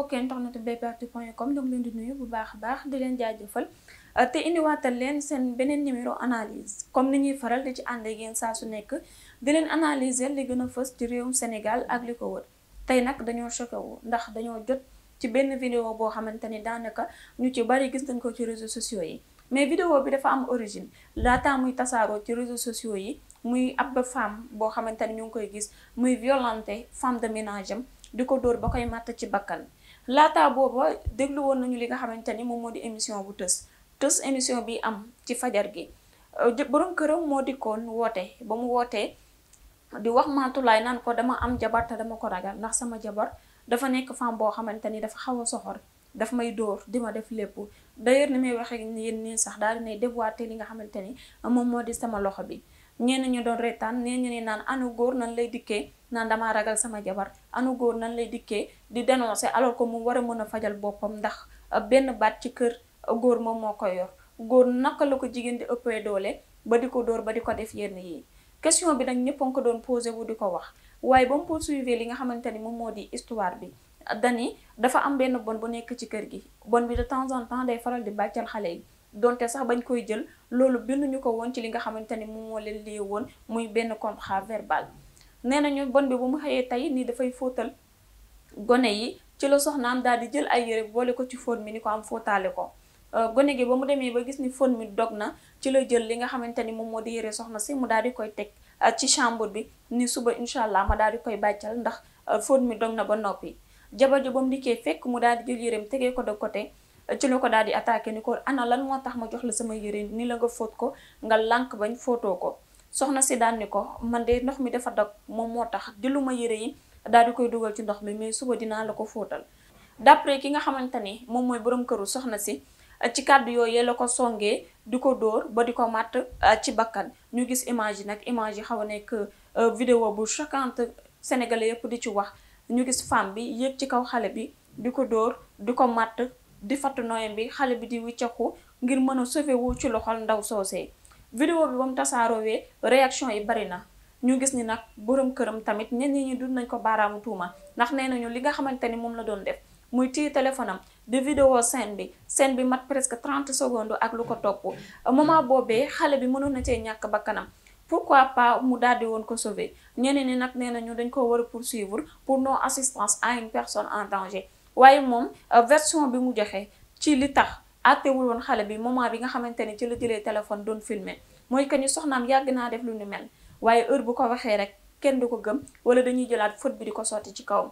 mbokk internet bprd point com ñu ngi leen di nuyu bu baax baax di leen jaajëfal uh, te indiwaatal leen seen beneen numéro analyse comme ni ñuy faral di ci ànd ak yéen saa su nekk di leen analyser li gën a fës ci réewum Sénégal ak li ko wër tey nag dañoo choqué wu ndax dañoo jot ci benn vidéo boo xamante ni daanaka ñu ci bari gis nañ ko ci réseau sociaux yi mais vidéo bi dafa am origine laataa muy tasaaroo ci réseaux sociaux yi muy ab femme boo xamante ni ñu ngi koy gis muy violenter femme de ménage am di ko dóor ba koy màtt ci bakkan laata booba déglu woon nañu li nga xamante ni moom moo di émission bu tës tës émission bi am ci fajar gi euh, borom këram moo dikkoon woote ba mu wootee di wax Mantoulaye naan ko dama am jabar te dama ko ragal ndax sama jabar dafa nekk femme boo xamante ni dafa xaw a soxor dafa may dóor di ma def lépp d'ailleurs ni may waxee yéen nii sax daal di nay déboîté li nga xamante ni moom moo di sama loxo bi ñenn ñu doon reetaan ñenn ñu ne naan anu góor nañ lay dikkee naan damaa ragal sama jabar anu góor nañ lay dikkee di dénoncer alors que mu war a mën a fajal boppam ndax euh, benn baat ci kër euh, góor moom moo koy yor góor naka la ko jigéen di ëppee doole ba di ko dóor ba di ko def yenn yi question bi nag ñëpp a ngi ko doon posé wu di ko wax waaye ba mu poursuivre li nga xamante ni moom moo di histoire bi dani dafa am benn bon bu nekk ci kër gi bon bi de temps en temps day faral di bàccal xale donte sax bañ koy jël loolu binduñu ko woon ci li nga xamante ni moom moo leen lii woon muy benn contrat verbal nee nañu bon bi bu mu xëyee tey nii dafay fóotal gone yi ci la soxnaam daal di jël ay yére boole ko ci fóot mi ni ko am fóotaale ko euh, gone gi ba mu demee ba gis ni fóot mi dog na ci la jël li nga xamante ni moom moo di yére soxna si mu daal di koy teg euh, ci chambre bi ni suba incha allah ma daal di koy bàccal ndax fóon euh, mi dog na ba noppi jabar ji ba mu fekk mu daal di jël tegee ko de côté ci la ko daal di attaqué ni ko ana lan moo tax ma jox la sama yére ni la nga fóot ko nga lànk bañ fóotoo ko soxna si daal ni ko man de ndox mi dafa dog moom moo tax di lu ma yére yi daal di koy dugal ci ndox mi mais suba dinaa la ko fóotal d'après ki nga xamante ni moom mooy borom këru soxna si ci kàddu yooyu la ko songee di ko dóor ba di ko màtt euh, ci bakkan ñu gis image yi nag image yi xaw a nekk euh, vidéo bu choquante sénégalais yëpp di ci wax ñu gis femme bi yéeg ci kaw xale bi di ko dóor di ko màtt di fattu noyam bi xale bi di wiccaxu ngir mën a sauver wu ci loxol ndaw soose vidéo bi ba mu tasaaroowee réaction yi bari na ñu gis ni nag borom këram tamit ñenn ñi dund nañ ko baaraamu tuuma ndax nee nañu li nga xamante ni moom la doon def muy téye téléphone am di vidéo scène bi scène bi mat presque 30 secondes ak lu ko topp moment boobee xale bi mënoon na cee ñàkk bakkanam pourquoi pas mu daldi woon ko sauver ñeneen ñi nag nee nañu dañ ko wara a poursuivre pour non assistance à une personne en danger waaye moom euh, version bi mu joxee ci li tax àttewul woon xale bi moment bi nga xamante ne ci la jëlee téléphone doon filmer mooy que ñu soxnaam yàgg naa def lu ni mel waaye heure bu ko waxee rek kenn du ko gëm wala dañuy jëlaat faute bi di ko sotti ci kaw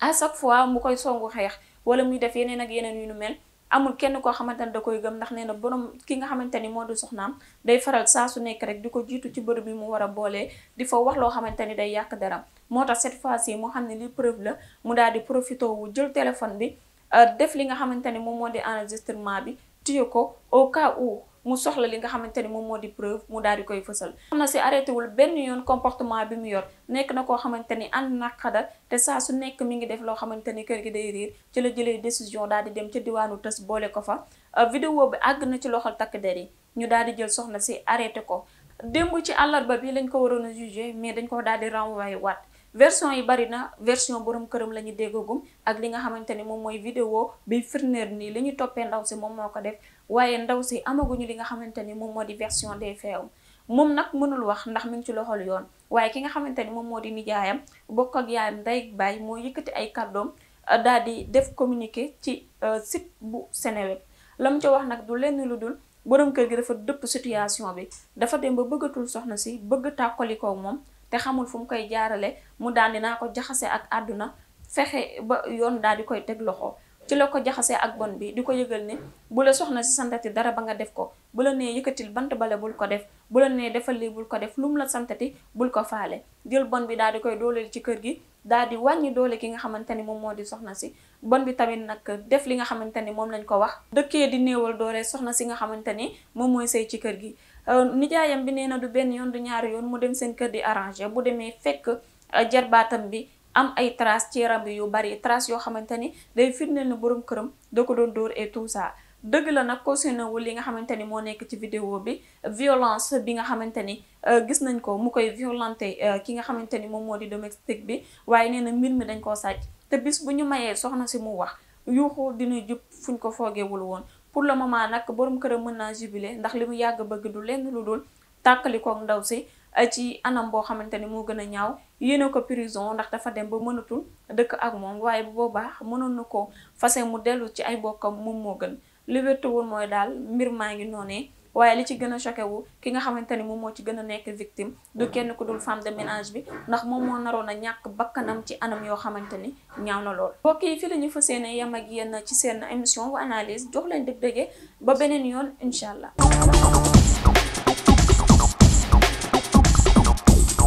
à chaque fois mu koy songu xeex wala muy def yeneen ak yeneen yu nu mel amul kenn koo xamante ne da koy gëm ndax nee na borom ki nga xamante ni moo di soxnaam day faral saa su nekk rek di ko jiitu ci bërëb bi mu war a boolee di fa wax loo xamante ni day yàq daram moo tax cette fois yi mu xam ne li preuve la mu daal di profité wu jël téléphone bi euh, def li nga xamante ni moom moo di enregistrement bi téye ko au cas mu soxla li nga xamante ni moom moo di preuve mu daal di koy fësal xam na si arrêté wul benn yoon comportement bi mu yor nekk na koo xamante ni ànd na xadar te saa su nekk mi ngi def loo xamante ni kër gi day riir ci la jëlee décision daal di dem ca diwaanu tës boole ko fa euh, vidéo bi àgg na ci loxol takk der yi ñu daal di jël soxna si arrêté ko démb ci àllarba bi lañ ko waroon a jugé mais dañ ko daal di renvoyé waat version yi bari na version borom këram la ñu déggagum ak li nga xamante ni moom mooy vidéo bi firndeer nii li ñu toppee ndaw si moom moo ko def waaye ndaw si amaguñu li nga xamante ni moom moo di version des feew moom nag mënul wax ndax mu ngi ci loxol yoon waaye ki nga xamante ni moom moo di nijaayam bokk ak yaayam ndey baay moo yëkkati ay kàddoom euh, daal di def communique ci euh, site bu Seneweb la mu ca wax nag du lenn lu dul borom kër gi dafa dëpp situation bi dafa dem ba bëggatul soxna si bëgg tàkkalikoo moom te xamul fu mu koy jaarale mu daal di naa ko jaxase ak àdduna fexe ba yoon daal di koy teg loxo ci la ko jaxasee ak bon bi di ko yëgal ne bu la soxna si santati dara ba nga def ko bu la nee yëkkatil bant bale bul ko def bu la nee defal lii bul ko def lu mu la santati bul ko faale jël bon bi daal di koy dooleel ci kër gi daal di wàññi doole ki nga xamante ni moom moo di soxna si bon bi tamit nag def li nga xamante ni moom lañ ko wax dëkkee di néewal doole soxna si nga xamante ni moom mooy sëy ci kër gi euh, nijaayam bi nee na du benn yoon du ñaari yoon mu dem seen kër di arrangé bu demee fekk euh, jarbaatam bi am ay trace ci rab yu bari traces yoo xamante ni day firndeel ne borom këram da ko doon dóor et tout ça dëgg la nag cautionné wul li nga xamante ni moo nekk ci vidéo bi violence bi nga xamante ni euh, gis nañ ko mu koy violenté euh, ki nga xamante ni moom moo di domestique bi waaye nee na mbir mi dañ koo sàcc te bis bu ñu mayee soxna si mu wax yuuxu dina jub fuñ ko foogewul woon pour le moment nag borom këram mën naa jubilé ndax li mu yàgg bëgg du lenn lu dul tàkkali koog ndaw si ci anam boo xamante ni moo gën a ñaaw yéene ko prison ndax dafa dem ba mënatul dëkk ak moom waaye bu boobaa mënoon na ko fase mu dellu ci ay bokkam mu moo gën li wértu woon mooy daal mbir maa ngi noonee waaye li ci gën a choqué wu ki nga xamante ni moom moo ci gën a nekk victime du kenn ku dul femme de ménage bi ndax moom moo naroon a ñàkk bakkanam ci anam yoo xamante ni ñaaw na lool. mbokk yi fi la ñu fas yéene yem ak yéen ci seen émission bu analyse jox leen dëgg-dëgg ba beneen yoon incha allah.